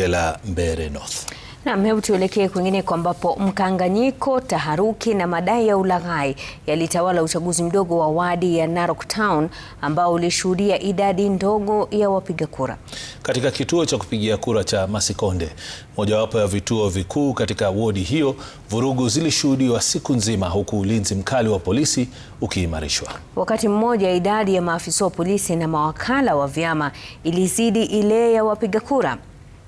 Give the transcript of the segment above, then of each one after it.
bunge la Mbeere North. Naam, hebu tuelekee kwingineko ambapo mkanganyiko, taharuki na madai ya ulaghai yalitawala uchaguzi mdogo wa wadi ya Narok Town ambao ulishuhudia idadi ndogo ya wapiga kura. Katika kituo cha kupigia kura cha Masikonde, mojawapo ya vituo vikuu katika wodi hiyo, vurugu zilishuhudiwa siku nzima huku ulinzi mkali wa polisi ukiimarishwa. Wakati mmoja, idadi ya maafisa wa polisi na mawakala wa vyama ilizidi ile ya wapiga kura.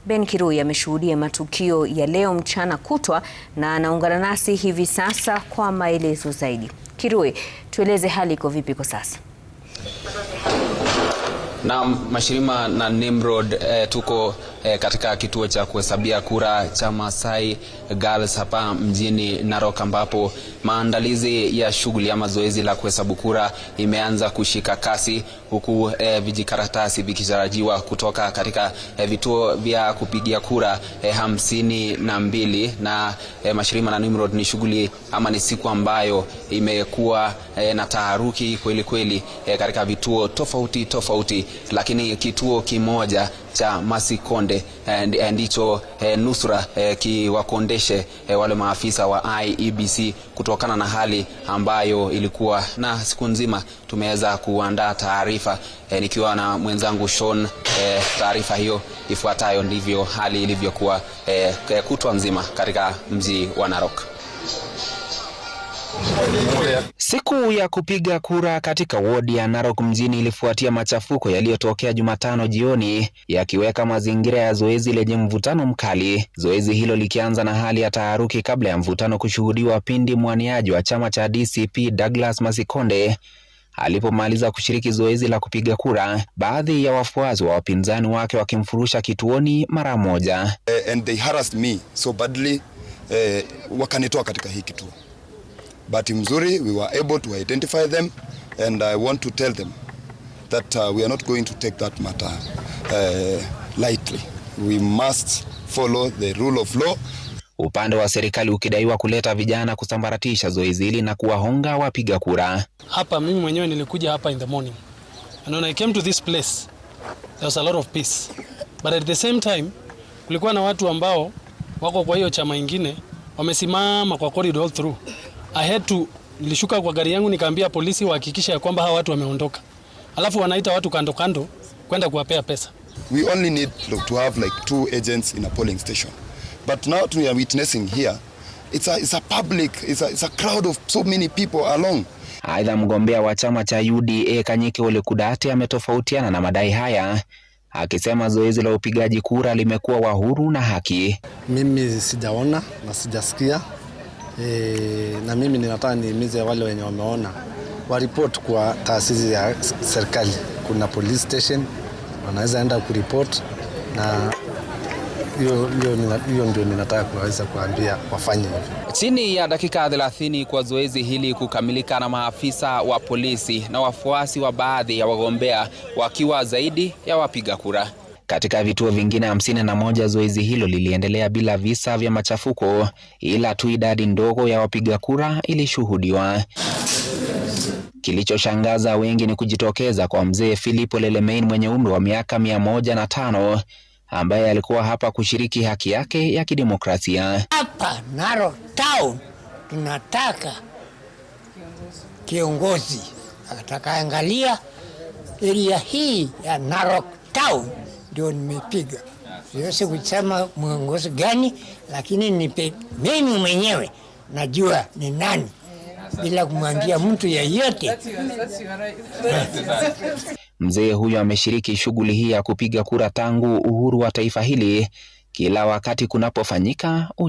Ben Kirui ameshuhudia matukio ya leo mchana kutwa na anaungana nasi hivi sasa kwa maelezo zaidi. Kirui, tueleze hali iko vipi kwa sasa? Na Mashirima na Nimrod, eh, tuko eh, katika kituo cha kuhesabia kura cha Maasai Girls hapa mjini Narok ambapo maandalizi ya shughuli ama zoezi la kuhesabu kura imeanza kushika kasi huku eh, vijikaratasi vikitarajiwa kutoka katika eh, vituo vya kupigia kura eh, hamsini na mbili na eh, mashirima na Nimrod, ni shughuli ama ni siku ambayo imekuwa eh, na taharuki kweli kweli eh, katika vituo tofauti tofauti, lakini kituo kimoja cha Masikonde Konde eh, eh, ndicho eh, nusura eh, kiwakondeshe eh, wale maafisa wa IEBC kutokana na hali ambayo ilikuwa na siku nzima. Tumeweza kuandaa taarifa eh, nikiwa na mwenzangu Sean eh, taarifa hiyo ifuatayo ndivyo hali ilivyokuwa eh, kutwa nzima katika mji wa Narok. Siku ya kupiga kura katika wodi ya Narok mjini ilifuatia machafuko yaliyotokea Jumatano jioni yakiweka mazingira ya zoezi lenye mvutano mkali, zoezi hilo likianza na hali ya taharuki kabla ya mvutano kushuhudiwa pindi mwaniaji wa chama cha DCP Douglas Masikonde alipomaliza kushiriki zoezi la kupiga kura, baadhi ya wafuasi wa wapinzani wake wakimfurusha kituoni mara moja. Uh, and they harassed me so badly, uh, wakanitoa katika hii kituo Bahati mzuri we were able to identify them and I want to tell them that uh, we are not going to take that matter uh, lightly. We must follow the rule of law. Upande wa serikali ukidaiwa kuleta vijana kusambaratisha zoezi hili na kuwahonga wapiga kura. Hapa mimi mwenyewe nilikuja hapa in the morning and when I came to this place there was a lot of peace but at the same time kulikuwa na watu ambao wako kwa hiyo chama ingine wamesimama kwa corridor all through ahetu nilishuka kwa gari yangu nikaambia polisi wahakikisha ya kwamba hawa watu wameondoka. Alafu wanaita watu kando kando kwenda kuwapea pesa. We only need to have like two agents in a polling station. But now we are witnessing here. It's a, it's a public, it's a, it's a crowd of so many people along. Aidha, mgombea wa chama cha UDA Kanyike Ole Kudate ametofautiana na madai haya akisema zoezi la upigaji kura limekuwa wa huru na haki. Mimi sijaona na sijasikia e, na mimi ninataka nihimize wale wenye wameona waripoti kwa taasisi ya serikali. Kuna police station wanaweza enda kuripoti, na hiyo ndio ninataka kuweza kuambia wafanye hivyo. Chini ya dakika 30 kwa zoezi hili kukamilika, na maafisa wa polisi na wafuasi wa baadhi ya wagombea wakiwa zaidi ya wapiga kura. Katika vituo vingine hamsini na moja zoezi hilo liliendelea bila visa vya machafuko, ila tu idadi ndogo ya wapiga kura ilishuhudiwa. Kilichoshangaza wengi ni kujitokeza kwa mzee Philipo Lelemein mwenye umri wa miaka mia moja na tano ambaye alikuwa hapa kushiriki haki yake ya kidemokrasia. Hapa Naro Town tunataka kiongozi atakaangalia eria hii ya Narok Town ndio nimepiga. Siwezi kusema mwongozo gani, lakini nipe, mimi mwenyewe najua ni nani bila kumwambia mtu yeyote. Mzee huyo ameshiriki shughuli hii ya kupiga kura tangu uhuru wa taifa hili, kila wakati kunapofanyika